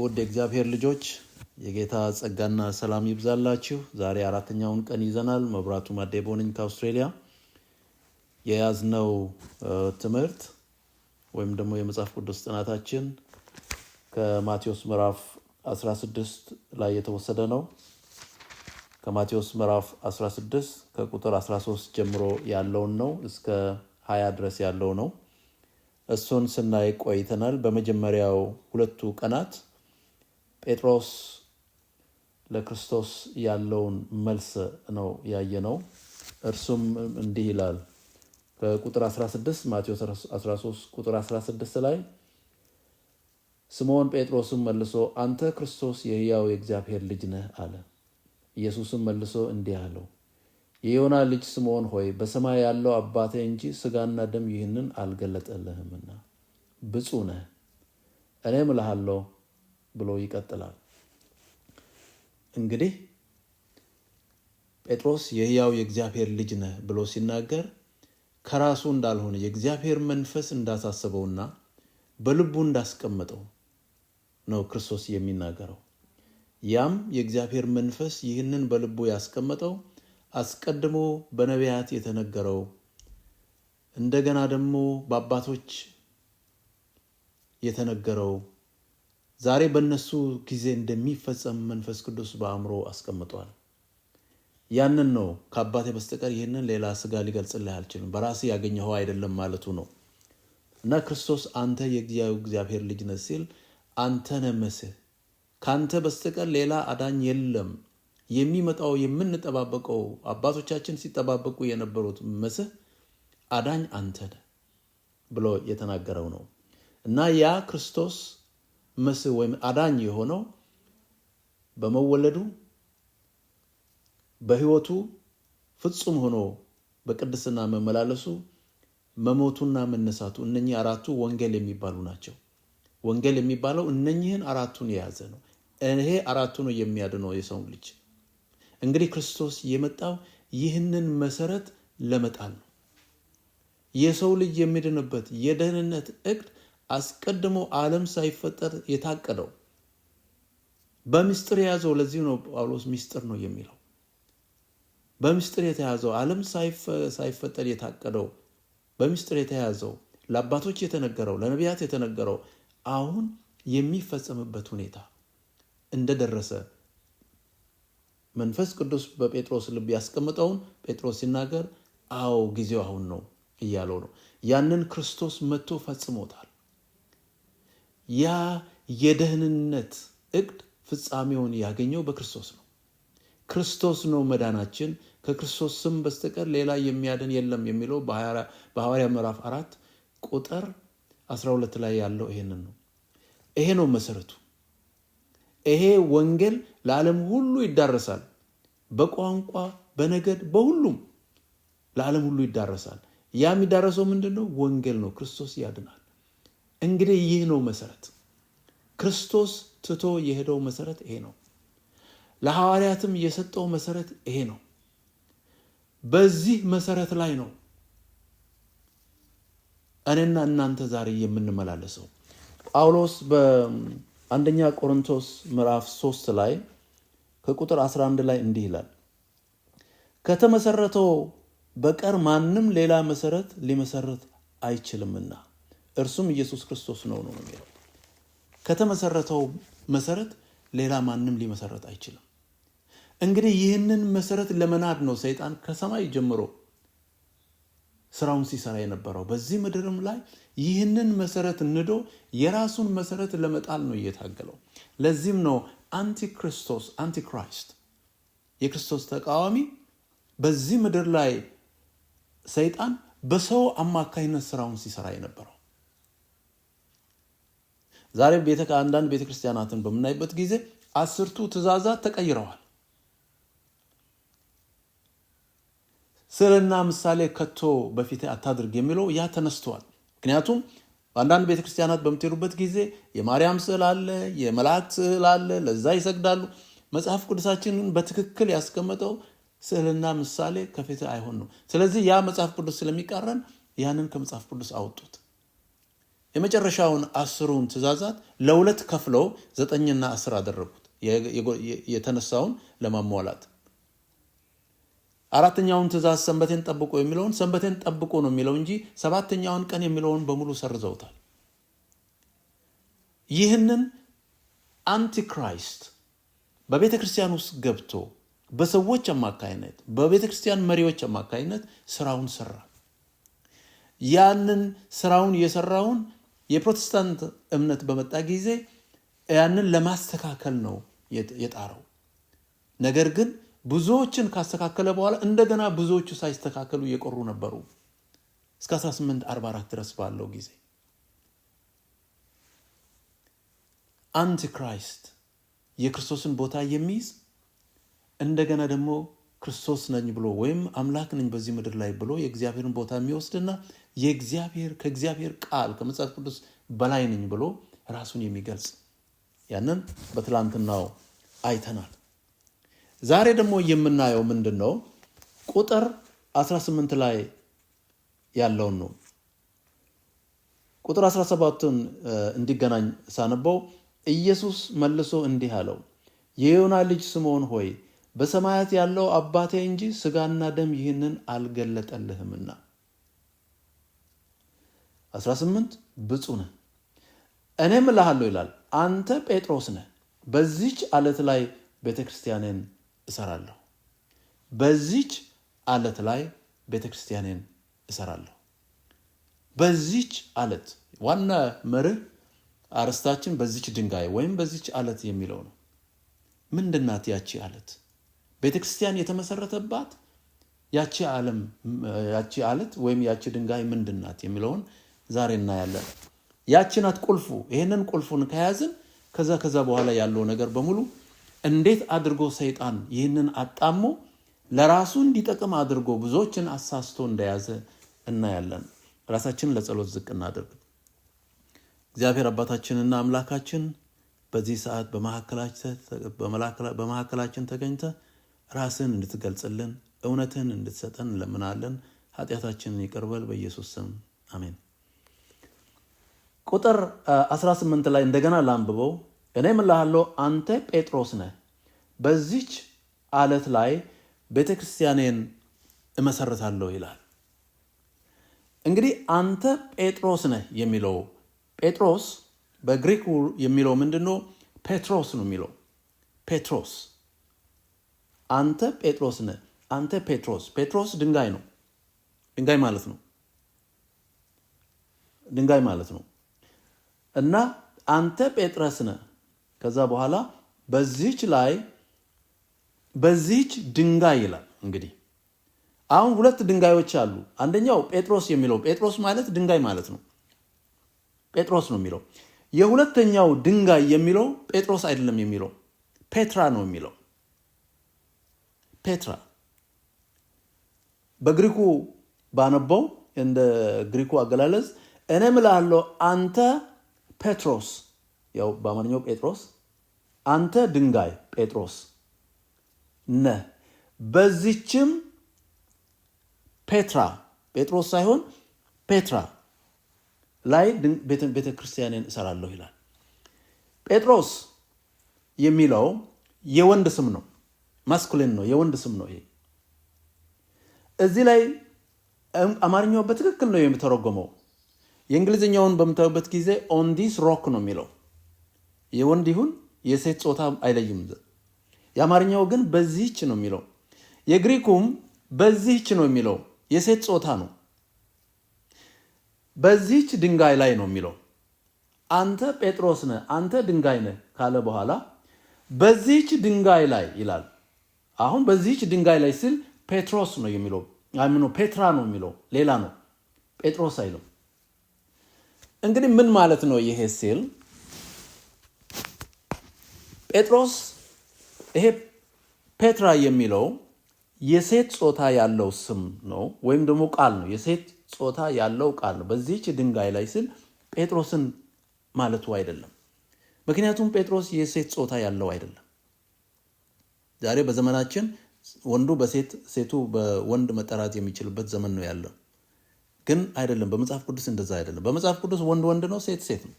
ውድ የእግዚአብሔር ልጆች የጌታ ጸጋና ሰላም ይብዛላችሁ። ዛሬ አራተኛውን ቀን ይዘናል። መብራቱ ማዴቦ ነኝ ከአውስትሬሊያ። የያዝነው ትምህርት ወይም ደግሞ የመጽሐፍ ቅዱስ ጥናታችን ከማቴዎስ ምዕራፍ 16 ላይ የተወሰደ ነው። ከማቴዎስ ምዕራፍ 16 ከቁጥር 13 ጀምሮ ያለውን ነው እስከ 20 ድረስ ያለው ነው። እሱን ስናይ ቆይተናል። በመጀመሪያው ሁለቱ ቀናት ጴጥሮስ ለክርስቶስ ያለውን መልስ ነው ያየነው። እርሱም እንዲህ ይላል በቁጥር 16 ማቴዎስ 13 ቁጥር 16 ላይ ስምዖን ጴጥሮስም መልሶ አንተ ክርስቶስ የሕያው የእግዚአብሔር ልጅ ነህ አለ። ኢየሱስም መልሶ እንዲህ አለው የዮና ልጅ ስምዖን ሆይ በሰማይ ያለው አባቴ እንጂ ሥጋና ደም ይህንን አልገለጠልህምና ብፁ ነህ። እኔም እልሃለሁ ብሎ ይቀጥላል። እንግዲህ ጴጥሮስ የህያው የእግዚአብሔር ልጅ ነህ ብሎ ሲናገር ከራሱ እንዳልሆነ የእግዚአብሔር መንፈስ እንዳሳሰበውና በልቡ እንዳስቀመጠው ነው ክርስቶስ የሚናገረው። ያም የእግዚአብሔር መንፈስ ይህንን በልቡ ያስቀመጠው አስቀድሞ በነቢያት የተነገረው እንደገና ደግሞ በአባቶች የተነገረው ዛሬ በእነሱ ጊዜ እንደሚፈጸም መንፈስ ቅዱስ በአእምሮ አስቀምጧል። ያንን ነው ከአባቴ በስተቀር ይህንን ሌላ ስጋ ሊገልጽልህ አልችልም፣ በራሴ ያገኘኸው አይደለም ማለቱ ነው እና ክርስቶስ አንተ እግዚአብሔር ልጅ ነህ ሲል አንተ ነህ መሲህ፣ ከአንተ በስተቀር ሌላ አዳኝ የለም የሚመጣው የምንጠባበቀው አባቶቻችን ሲጠባበቁ የነበሩት መሲህ አዳኝ አንተ ነህ ብሎ የተናገረው ነው እና ያ ክርስቶስ መስህ ወይም አዳኝ የሆነው በመወለዱ በሕይወቱ ፍጹም ሆኖ በቅድስና መመላለሱ መሞቱና መነሳቱ እነኚህ አራቱ ወንጌል የሚባሉ ናቸው። ወንጌል የሚባለው እነኚህን አራቱን የያዘ ነው። ይሄ አራቱ ነው የሚያድነው የሰው ልጅ። እንግዲህ ክርስቶስ የመጣው ይህንን መሰረት ለመጣል ነው። የሰው ልጅ የሚድንበት የደህንነት እቅድ አስቀድሞ ዓለም ሳይፈጠር የታቀደው በምስጢር የያዘው ለዚህ ነው ጳውሎስ ምስጢር ነው የሚለው። በምስጢር የተያዘው ዓለም ሳይፈጠር የታቀደው በምስጢር የተያዘው ለአባቶች የተነገረው ለነቢያት የተነገረው አሁን የሚፈጸምበት ሁኔታ እንደደረሰ መንፈስ ቅዱስ በጴጥሮስ ልብ ያስቀምጠውን ጴጥሮስ ሲናገር፣ አዎ ጊዜው አሁን ነው እያለው ነው። ያንን ክርስቶስ መጥቶ ፈጽሞታል። ያ የደህንነት እቅድ ፍጻሜውን ያገኘው በክርስቶስ ነው። ክርስቶስ ነው መዳናችን። ከክርስቶስ ስም በስተቀር ሌላ የሚያድን የለም የሚለው በሐዋርያ ምዕራፍ አራት ቁጥር 12 ላይ ያለው ይሄንን ነው። ይሄ ነው መሰረቱ። ይሄ ወንጌል ለዓለም ሁሉ ይዳረሳል። በቋንቋ፣ በነገድ፣ በሁሉም ለዓለም ሁሉ ይዳረሳል። ያ የሚዳረሰው ምንድን ነው? ወንጌል ነው። ክርስቶስ ያድናል። እንግዲህ ይህ ነው መሰረት። ክርስቶስ ትቶ የሄደው መሰረት ይሄ ነው። ለሐዋርያትም የሰጠው መሰረት ይሄ ነው። በዚህ መሰረት ላይ ነው እኔና እናንተ ዛሬ የምንመላለሰው። ጳውሎስ በአንደኛ ቆሮንቶስ ምዕራፍ 3 ላይ ከቁጥር 11 ላይ እንዲህ ይላል፣ ከተመሰረተው በቀር ማንም ሌላ መሰረት ሊመሰረት አይችልምና እርሱም ኢየሱስ ክርስቶስ ነው ነው የሚለው። ከተመሰረተው መሰረት ሌላ ማንም ሊመሰረት አይችልም። እንግዲህ ይህንን መሰረት ለመናድ ነው ሰይጣን ከሰማይ ጀምሮ ስራውን ሲሰራ የነበረው። በዚህ ምድርም ላይ ይህንን መሰረት ንዶ የራሱን መሰረት ለመጣል ነው እየታገለው። ለዚህም ነው አንቲክርስቶስ አንቲክራይስት፣ የክርስቶስ ተቃዋሚ በዚህ ምድር ላይ ሰይጣን በሰው አማካኝነት ስራውን ሲሰራ የነበረው ዛሬም አንዳንድ ቤተክርስቲያናትን በምናይበት ጊዜ አስርቱ ትእዛዛት ተቀይረዋል። ስዕልና ምሳሌ ከቶ በፊት አታድርግ የሚለው ያ ተነስተዋል። ምክንያቱም በአንዳንድ ቤተክርስቲያናት በምትሄዱበት ጊዜ የማርያም ስዕል አለ፣ የመላእክት ስዕል አለ፣ ለዛ ይሰግዳሉ። መጽሐፍ ቅዱሳችንን በትክክል ያስቀመጠው ስዕልና ምሳሌ ከፊት አይሆን ነው። ስለዚህ ያ መጽሐፍ ቅዱስ ስለሚቃረን ያንን ከመጽሐፍ ቅዱስ አወጡት። የመጨረሻውን አስሩን ትእዛዛት ለሁለት ከፍለው ዘጠኝና አስር አደረጉት የተነሳውን ለማሟላት። አራተኛውን ትእዛዝ ሰንበቴን ጠብቆ የሚለውን ሰንበቴን ጠብቆ ነው የሚለው እንጂ ሰባተኛውን ቀን የሚለውን በሙሉ ሰርዘውታል። ይህንን አንቲክራይስት በቤተ ክርስቲያን ውስጥ ገብቶ በሰዎች አማካይነት በቤተ ክርስቲያን መሪዎች አማካይነት ስራውን ሰራ። ያንን ስራውን የሰራውን የፕሮቴስታንት እምነት በመጣ ጊዜ ያንን ለማስተካከል ነው የጣረው። ነገር ግን ብዙዎችን ካስተካከለ በኋላ እንደገና ብዙዎቹ ሳይስተካከሉ የቆሩ ነበሩ እስከ 1844 ድረስ ባለው ጊዜ አንቲክራይስት የክርስቶስን ቦታ የሚይዝ እንደገና ደግሞ ክርስቶስ ነኝ ብሎ ወይም አምላክ ነኝ በዚህ ምድር ላይ ብሎ የእግዚአብሔርን ቦታ የሚወስድና የእግዚአብሔር ከእግዚአብሔር ቃል ከመጽሐፍ ቅዱስ በላይ ነኝ ብሎ ራሱን የሚገልጽ ያንን በትላንትናው አይተናል። ዛሬ ደግሞ የምናየው ምንድን ነው? ቁጥር 18 ላይ ያለውን ነው። ቁጥር 17ን እንዲገናኝ ሳነበው ኢየሱስ መልሶ እንዲህ አለው፣ የዮና ልጅ ስምዖን ሆይ በሰማያት ያለው አባቴ እንጂ ስጋና ደም ይህንን አልገለጠልህምና 18 ብፁ ነህ እኔም እልሃለሁ ይላል፣ አንተ ጴጥሮስ ነህ፣ በዚች አለት ላይ ቤተ ክርስቲያኔን እሰራለሁ። በዚች አለት ላይ ቤተ ክርስቲያኔን እሰራለሁ። በዚች አለት ዋና መርህ አርስታችን በዚች ድንጋይ ወይም በዚች አለት የሚለው ነው። ምንድናት ያቺ አለት? ቤተ ክርስቲያን የተመሰረተባት ያቺ አለት ወይም ያቺ ድንጋይ ምንድናት የሚለውን ዛሬ እናያለን። ያችናት ቁልፉ። ይህንን ቁልፉን ከያዝን ከዛ ከዛ በኋላ ያለው ነገር በሙሉ እንዴት አድርጎ ሰይጣን ይህንን አጣሞ ለራሱ እንዲጠቅም አድርጎ ብዙዎችን አሳስቶ እንደያዘ እናያለን። ራሳችንን ለጸሎት ዝቅ እናድርግ። እግዚአብሔር አባታችንና አምላካችን በዚህ ሰዓት በመካከላችን ተገኝተ ራስን እንድትገልጽልን እውነትን እንድትሰጠን እንለምናለን። ኃጢአታችንን ይቅርበል በኢየሱስ ስም አሜን። ቁጥር 18 ላይ እንደገና ላንብበው። እኔ እልሃለሁ አንተ ጴጥሮስ ነህ፣ በዚች አለት ላይ ቤተ ክርስቲያኔን እመሰርታለሁ ይላል። እንግዲህ አንተ ጴጥሮስ ነህ የሚለው ጴጥሮስ በግሪክ የሚለው ምንድን ነው? ፔትሮስ ነው የሚለው ፔትሮስ። አንተ ጴጥሮስ ነህ፣ አንተ ጴጥሮስ። ጴጥሮስ ድንጋይ ነው፣ ድንጋይ ማለት ነው፣ ድንጋይ ማለት ነው። እና አንተ ጴጥሮስ ነህ። ከዛ በኋላ በዚህች ላይ በዚህች ድንጋይ ይላል። እንግዲህ አሁን ሁለት ድንጋዮች አሉ። አንደኛው ጴጥሮስ የሚለው ጴጥሮስ ማለት ድንጋይ ማለት ነው። ጴጥሮስ ነው የሚለው። የሁለተኛው ድንጋይ የሚለው ጴጥሮስ አይደለም የሚለው ፔትራ ነው የሚለው ፔትራ በግሪኩ ባነበው እንደ ግሪኩ አገላለጽ እኔ ምላለሁ አንተ ጴጥሮስ ያው በአማርኛው ጴጥሮስ አንተ ድንጋይ ጴጥሮስ ነህ፣ በዚችም ፔትራ ጴጥሮስ ሳይሆን ፔትራ ላይ ቤተ ክርስቲያንን እሰራለሁ ይላል። ጴጥሮስ የሚለው የወንድ ስም ነው፣ ማስኩሊን ነው፣ የወንድ ስም ነው። ይሄ እዚህ ላይ አማርኛው በትክክል ነው የሚተረጎመው የእንግሊዝኛውን በምታዩበት ጊዜ ኦን ዲስ ሮክ ነው የሚለው የወንድ ይሁን የሴት ፆታ አይለይም። የአማርኛው ግን በዚህች ነው የሚለው። የግሪኩም በዚህች ነው የሚለው የሴት ፆታ ነው። በዚህች ድንጋይ ላይ ነው የሚለው። አንተ ጴጥሮስ ነህ፣ አንተ ድንጋይ ነህ ካለ በኋላ በዚህች ድንጋይ ላይ ይላል። አሁን በዚህች ድንጋይ ላይ ሲል ጴጥሮስ ነው የሚለው፣ ፔትራ ነው የሚለው ሌላ ነው፣ ጴጥሮስ አይለው። እንግዲህ ምን ማለት ነው ይሄ ሲል ጴጥሮስ ይሄ ፔትራ የሚለው የሴት ጾታ ያለው ስም ነው፣ ወይም ደግሞ ቃል ነው። የሴት ጾታ ያለው ቃል ነው። በዚች ድንጋይ ላይ ስል ጴጥሮስን ማለቱ አይደለም። ምክንያቱም ጴጥሮስ የሴት ጾታ ያለው አይደለም። ዛሬ በዘመናችን ወንዱ በሴት ሴቱ በወንድ መጠራት የሚችልበት ዘመን ነው ያለው። ግን አይደለም። በመጽሐፍ ቅዱስ እንደዛ አይደለም። በመጽሐፍ ቅዱስ ወንድ ወንድ ነው፣ ሴት ሴት ነው።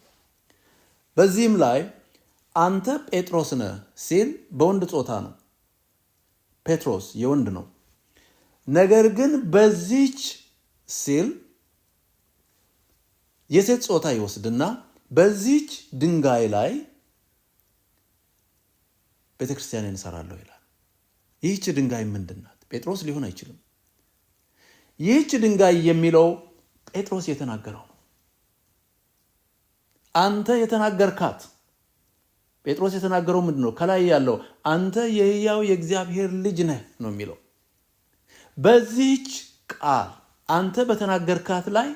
በዚህም ላይ አንተ ጴጥሮስ ነህ ሲል በወንድ ጾታ ነው። ጴጥሮስ የወንድ ነው። ነገር ግን በዚች ሲል የሴት ጾታ ይወስድና በዚች ድንጋይ ላይ ቤተክርስቲያንን እሰራለሁ ይላል። ይህች ድንጋይ ምንድን ናት? ጴጥሮስ ሊሆን አይችልም። ይህች ድንጋይ የሚለው ጴጥሮስ የተናገረው ነው። አንተ የተናገርካት ጴጥሮስ የተናገረው ምንድን ነው? ከላይ ያለው አንተ የህያው የእግዚአብሔር ልጅ ነህ ነው የሚለው። በዚህች ቃል አንተ በተናገርካት ላይ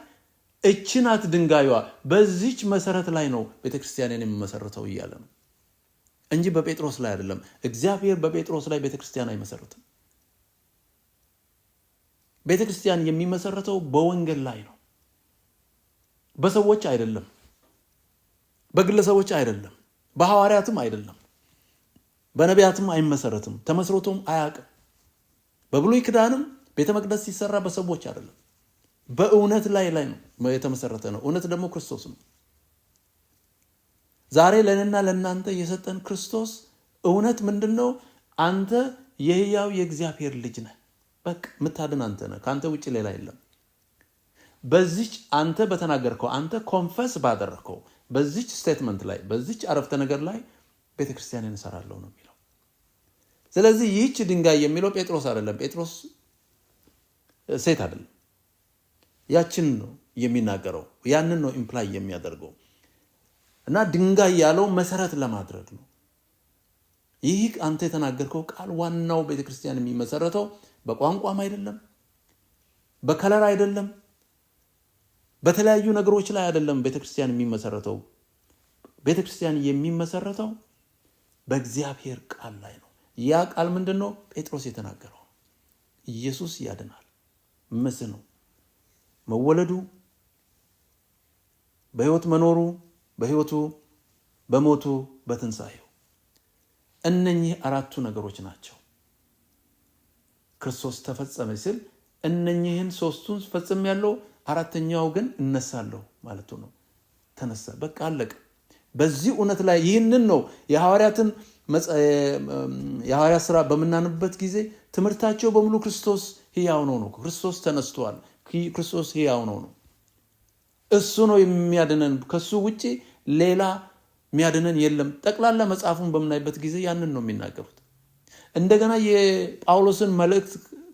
እችናት ናት ድንጋዩዋ፣ በዚች መሰረት ላይ ነው ቤተክርስቲያንን የሚመሰርተው እያለ ነው እንጂ በጴጥሮስ ላይ አይደለም። እግዚአብሔር በጴጥሮስ ላይ ቤተክርስቲያን አይመሰርትም። ቤተ ክርስቲያን የሚመሰረተው በወንጌል ላይ ነው። በሰዎች አይደለም፣ በግለሰቦች አይደለም፣ በሐዋርያትም አይደለም፣ በነቢያትም አይመሰረትም፣ ተመስርቶም አያውቅም። በብሉይ ኪዳንም ቤተ መቅደስ ሲሰራ በሰዎች አይደለም፣ በእውነት ላይ ላይ ነው የተመሰረተ ነው። እውነት ደግሞ ክርስቶስ ነው። ዛሬ ለእኔና ለእናንተ የሰጠን ክርስቶስ እውነት ምንድን ነው? አንተ የህያው የእግዚአብሔር ልጅ ነህ። በቃ የምታድን አንተ ነህ። ከአንተ ውጭ ሌላ የለም። በዚች አንተ በተናገርከው አንተ ኮንፈስ ባደረግከው በዚች ስቴትመንት ላይ በዚች አረፍተ ነገር ላይ ቤተክርስቲያን እንሰራለሁ ነው የሚለው። ስለዚህ ይህች ድንጋይ የሚለው ጴጥሮስ አይደለም። ጴጥሮስ ሴት አይደለም። ያችን ነው የሚናገረው። ያንን ነው ኢምፕላይ የሚያደርገው እና ድንጋይ ያለው መሰረት ለማድረግ ነው። ይህ አንተ የተናገርከው ቃል ዋናው ቤተክርስቲያን የሚመሰረተው በቋንቋም አይደለም፣ በከለር አይደለም፣ በተለያዩ ነገሮች ላይ አይደለም ቤተክርስቲያን የሚመሰረተው። ቤተክርስቲያን የሚመሰረተው በእግዚአብሔር ቃል ላይ ነው። ያ ቃል ምንድን ነው? ጴጥሮስ የተናገረው ኢየሱስ ያድናል፣ ምስ ነው፣ መወለዱ፣ በህይወት መኖሩ፣ በህይወቱ፣ በሞቱ፣ በትንሣኤው እነኚህ አራቱ ነገሮች ናቸው። ክርስቶስ ተፈጸመ ሲል እነኝህን ሶስቱን ፈጽም ያለው አራተኛው ግን እነሳለሁ ማለቱ ነው። ተነሳ፣ በቃ አለቀ። በዚህ እውነት ላይ ይህንን ነው የሐዋርያትን የሐዋርያ ስራ በምናንበት ጊዜ ትምህርታቸው በሙሉ ክርስቶስ ህያው ነው ነው። ክርስቶስ ተነስተዋል፣ ክርስቶስ ህያው ነው ነው። እሱ ነው የሚያድነን፣ ከሱ ውጭ ሌላ የሚያድነን የለም። ጠቅላላ መጽሐፉን በምናይበት ጊዜ ያንን ነው የሚናገሩት። እንደገና የጳውሎስን መልእክት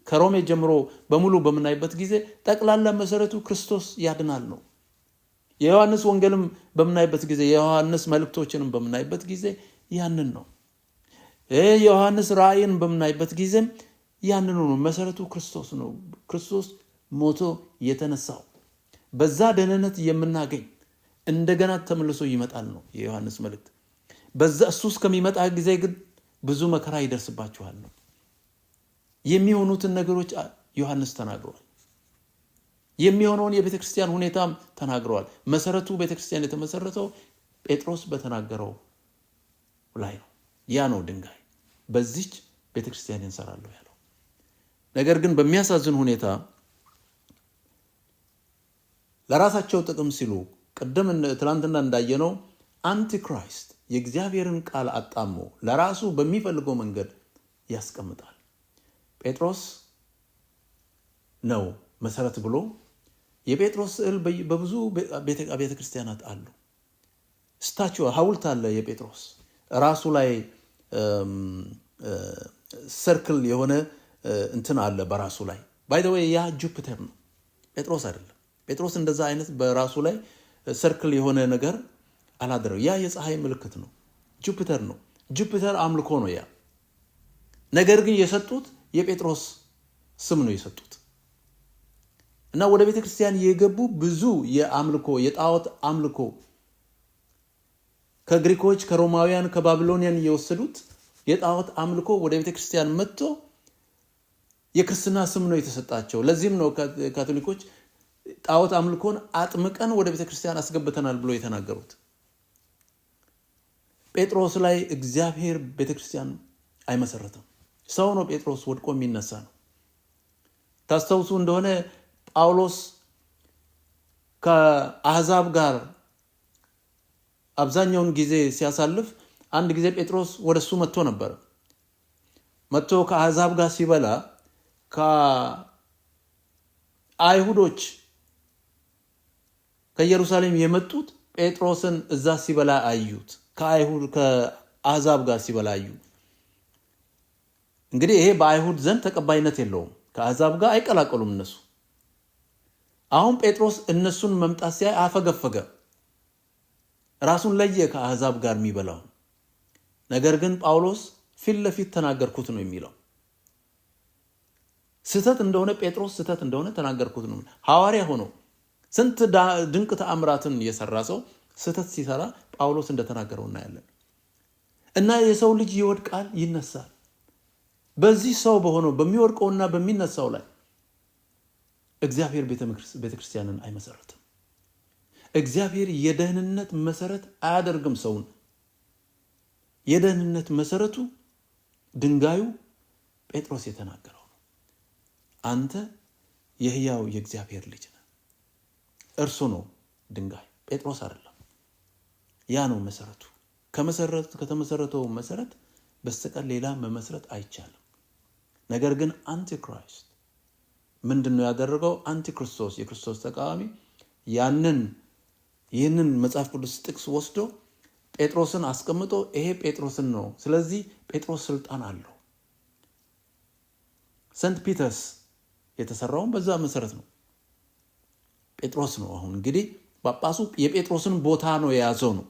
ከሮሜ ጀምሮ በሙሉ በምናይበት ጊዜ ጠቅላላ መሰረቱ ክርስቶስ ያድናል ነው። የዮሐንስ ወንጌልም በምናይበት ጊዜ የዮሐንስ መልእክቶችንም በምናይበት ጊዜ ያንን ነው። የዮሐንስ ራእይን በምናይበት ጊዜም ያንኑ ነው። መሰረቱ ክርስቶስ ነው። ክርስቶስ ሞቶ የተነሳው በዛ ደህንነት የምናገኝ እንደገና ተመልሶ ይመጣል ነው የዮሐንስ መልእክት። በዛ እሱ እስከሚመጣ ጊዜ ብዙ መከራ ይደርስባችኋል ነው የሚሆኑትን ነገሮች ዮሐንስ ተናግሯል። የሚሆነውን የቤተ ክርስቲያን ሁኔታም ተናግረዋል። መሰረቱ ቤተ ክርስቲያን የተመሰረተው ጴጥሮስ በተናገረው ላይ ነው። ያ ነው ድንጋይ በዚች ቤተ ክርስቲያን እንሰራለሁ ያለው። ነገር ግን በሚያሳዝን ሁኔታ ለራሳቸው ጥቅም ሲሉ ቅድም ትናንትና እንዳየነው አንቲክራይስት የእግዚአብሔርን ቃል አጣሞ ለራሱ በሚፈልገው መንገድ ያስቀምጣል። ጴጥሮስ ነው መሰረት ብሎ የጴጥሮስ ስዕል በብዙ ቤተ ክርስቲያናት አሉ። ስታቹ ሐውልት አለ የጴጥሮስ ራሱ ላይ ሰርክል የሆነ እንትን አለ በራሱ ላይ ባይደወይ ያ ጁፒተር ነው፣ ጴጥሮስ አይደለም። ጴጥሮስ እንደዛ አይነት በራሱ ላይ ሰርክል የሆነ ነገር አላደረው። ያ የፀሐይ ምልክት ነው፣ ጁፒተር ነው። ጁፒተር አምልኮ ነው ያ። ነገር ግን የሰጡት የጴጥሮስ ስም ነው የሰጡት እና ወደ ቤተ ክርስቲያን የገቡ ብዙ የአምልኮ የጣዖት አምልኮ ከግሪኮች፣ ከሮማውያን፣ ከባቢሎኒያን የወሰዱት የጣዖት አምልኮ ወደ ቤተ ክርስቲያን መጥቶ የክርስትና ስም ነው የተሰጣቸው። ለዚህም ነው ካቶሊኮች ጣዖት አምልኮን አጥምቀን ወደ ቤተ ክርስቲያን አስገብተናል ብሎ የተናገሩት። ጴጥሮስ ላይ እግዚአብሔር ቤተክርስቲያን አይመሰረትም። ሰው ነው ጴጥሮስ ወድቆ የሚነሳ ነው። ታስተውሱ እንደሆነ ጳውሎስ ከአህዛብ ጋር አብዛኛውን ጊዜ ሲያሳልፍ አንድ ጊዜ ጴጥሮስ ወደ እሱ መጥቶ ነበረ። መጥቶ ከአህዛብ ጋር ሲበላ ከአይሁዶች ከኢየሩሳሌም የመጡት ጴጥሮስን እዛ ሲበላ አዩት። ከአይሁድ ከአሕዛብ ጋር ሲበላዩ እንግዲህ ይሄ በአይሁድ ዘንድ ተቀባይነት የለውም። ከአሕዛብ ጋር አይቀላቀሉም እነሱ። አሁን ጴጥሮስ እነሱን መምጣት ሲያይ አፈገፈገ፣ ራሱን ለየ ከአሕዛብ ጋር የሚበላው። ነገር ግን ጳውሎስ ፊት ለፊት ተናገርኩት ነው የሚለው። ስህተት እንደሆነ ጴጥሮስ ስህተት እንደሆነ ተናገርኩት ነው። ሐዋርያ ሆኖ ስንት ድንቅ ተአምራትን የሰራ ሰው ስህተት ሲሰራ ጳውሎስ እንደተናገረው እናያለን እና የሰው ልጅ ይወድቃል፣ ይነሳል። በዚህ ሰው በሆነው በሚወድቀውና በሚነሳው ላይ እግዚአብሔር ቤተክርስቲያንን አይመሰረትም። እግዚአብሔር የደህንነት መሰረት አያደርግም ሰውን። የደህንነት መሰረቱ ድንጋዩ ጴጥሮስ የተናገረው ነው። አንተ የህያው የእግዚአብሔር ልጅ ነህ። እርሱ ነው ድንጋይ፣ ጴጥሮስ አይደለም። ያ ነው መሰረቱ። ከተመሰረተው መሰረት በስተቀር ሌላ መመስረት አይቻልም። ነገር ግን አንቲክራይስት ምንድን ነው ያደረገው? አንቲክርስቶስ የክርስቶስ ተቃዋሚ ያንን ይህንን መጽሐፍ ቅዱስ ጥቅስ ወስዶ ጴጥሮስን አስቀምጦ ይሄ ጴጥሮስን ነው፣ ስለዚህ ጴጥሮስ ስልጣን አለው። ሰንት ፒተርስ የተሰራውን በዛ መሰረት ነው። ጴጥሮስ ነው አሁን እንግዲህ ጳጳሱ የጴጥሮስን ቦታ ነው የያዘው ነው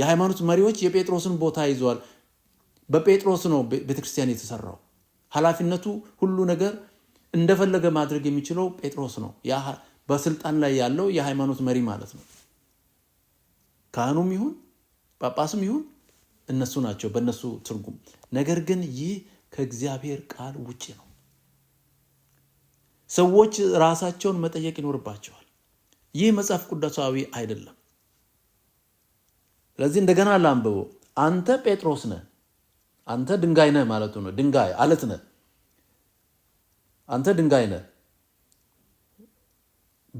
የሃይማኖት መሪዎች የጴጥሮስን ቦታ ይዘዋል። በጴጥሮስ ነው ቤተክርስቲያን የተሰራው። ኃላፊነቱ ሁሉ ነገር እንደፈለገ ማድረግ የሚችለው ጴጥሮስ ነው፣ በስልጣን ላይ ያለው የሃይማኖት መሪ ማለት ነው። ካህኑም ይሁን ጳጳስም ይሁን እነሱ ናቸው በእነሱ ትርጉም። ነገር ግን ይህ ከእግዚአብሔር ቃል ውጭ ነው። ሰዎች ራሳቸውን መጠየቅ ይኖርባቸዋል። ይህ መጽሐፍ ቅዱሳዊ አይደለም። ስለዚህ እንደገና ላንብቦ አንተ ጴጥሮስ ነህ፣ አንተ ድንጋይ ነህ ማለቱ ነው። ድንጋይ አለት ነህ፣ አንተ ድንጋይ ነህ።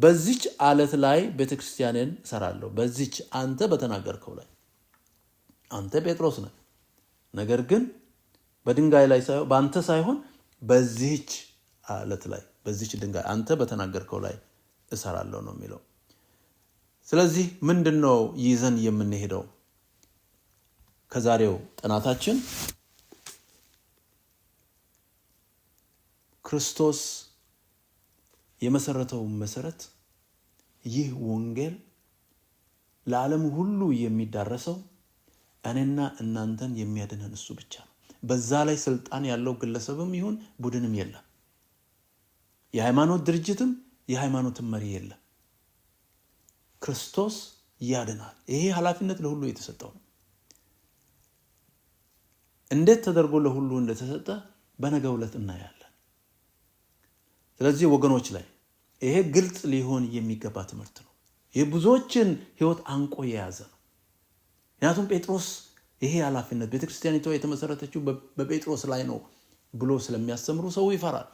በዚች አለት ላይ ቤተክርስቲያንን እሰራለሁ። በዚች አንተ በተናገርከው ላይ አንተ ጴጥሮስ ነህ፣ ነገር ግን በድንጋይ ላይ ሳይሆን በአንተ ሳይሆን በዚች አለት ላይ በዚች ድንጋይ አንተ በተናገርከው ላይ እሰራለሁ ነው የሚለው። ስለዚህ ምንድን ነው ይዘን የምንሄደው ከዛሬው ጥናታችን? ክርስቶስ የመሰረተውን መሰረት ይህ ወንጌል ለዓለም ሁሉ የሚዳረሰው እኔና እናንተን የሚያድነን እሱ ብቻ ነው። በዛ ላይ ስልጣን ያለው ግለሰብም ይሁን ቡድንም የለም። የሃይማኖት ድርጅትም የሃይማኖትን መሪ የለም። ክርስቶስ ያድናል። ይሄ ኃላፊነት ለሁሉ የተሰጠው ነው። እንዴት ተደርጎ ለሁሉ እንደተሰጠ በነገ ዕለት እናያለን። ስለዚህ ወገኖች ላይ ይሄ ግልጽ ሊሆን የሚገባ ትምህርት ነው። የብዙዎችን ሕይወት አንቆ የያዘ ነው። ምክንያቱም ጴጥሮስ ይሄ ኃላፊነት ቤተክርስቲያኒቷ የተመሰረተችው በጴጥሮስ ላይ ነው ብሎ ስለሚያስተምሩ ሰው ይፈራል።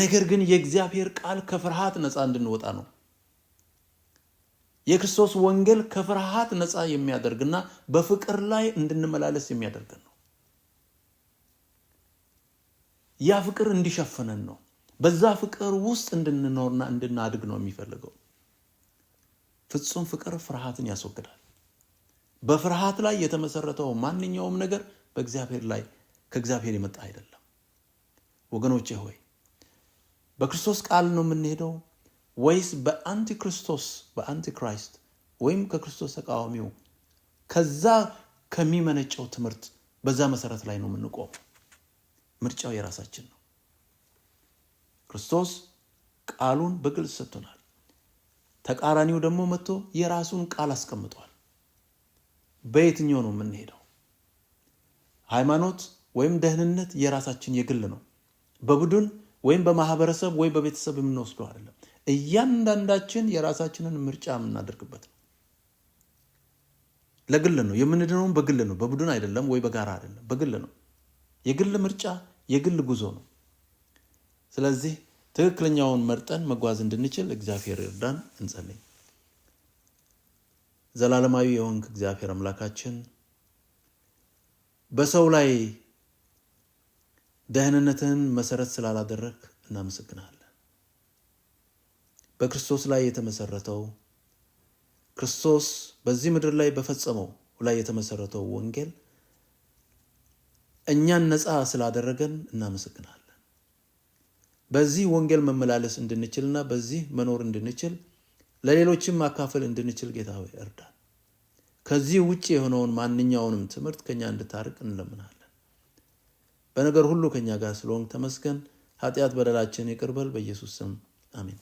ነገር ግን የእግዚአብሔር ቃል ከፍርሃት ነፃ እንድንወጣ ነው የክርስቶስ ወንጌል ከፍርሃት ነፃ የሚያደርግና በፍቅር ላይ እንድንመላለስ የሚያደርገን ነው። ያ ፍቅር እንዲሸፍነን ነው። በዛ ፍቅር ውስጥ እንድንኖርና እንድናድግ ነው የሚፈልገው። ፍጹም ፍቅር ፍርሃትን ያስወግዳል። በፍርሃት ላይ የተመሰረተው ማንኛውም ነገር በእግዚአብሔር ላይ ከእግዚአብሔር የመጣ አይደለም። ወገኖቼ ሆይ በክርስቶስ ቃል ነው የምንሄደው። ወይስ በአንቲክርስቶስ በአንቲክራይስት ወይም ከክርስቶስ ተቃዋሚው ከዛ ከሚመነጨው ትምህርት በዛ መሰረት ላይ ነው የምንቆመው። ምርጫው የራሳችን ነው። ክርስቶስ ቃሉን በግልጽ ሰጥቶናል። ተቃራኒው ደግሞ መጥቶ የራሱን ቃል አስቀምጧል። በየትኛው ነው የምንሄደው? ሃይማኖት ወይም ደህንነት የራሳችን የግል ነው። በቡድን ወይም በማህበረሰብ ወይም በቤተሰብ የምንወስደው አይደለም። እያንዳንዳችን የራሳችንን ምርጫ የምናደርግበት ነው። ለግል ነው የምንድነውም፣ በግል ነው፣ በቡድን አይደለም ወይ በጋራ አይደለም፣ በግል ነው። የግል ምርጫ የግል ጉዞ ነው። ስለዚህ ትክክለኛውን መርጠን መጓዝ እንድንችል እግዚአብሔር እርዳን። እንጸልይ። ዘላለማዊ የሆንክ እግዚአብሔር አምላካችን በሰው ላይ ደህንነትን መሰረት ስላላደረግ እናመሰግናለን። በክርስቶስ ላይ የተመሰረተው ክርስቶስ በዚህ ምድር ላይ በፈጸመው ላይ የተመሰረተው ወንጌል እኛን ነፃ ስላደረገን እናመሰግናለን። በዚህ ወንጌል መመላለስ እንድንችልና በዚህ መኖር እንድንችል ለሌሎችም ማካፈል እንድንችል ጌታ ሆይ እርዳን። ከዚህ ውጭ የሆነውን ማንኛውንም ትምህርት ከኛ እንድታርቅ እንለምናለን። በነገር ሁሉ ከኛ ጋር ስለሆንክ ተመስገን። ኃጢአት በደላችን ይቅርበል። በኢየሱስ ስም አሜን።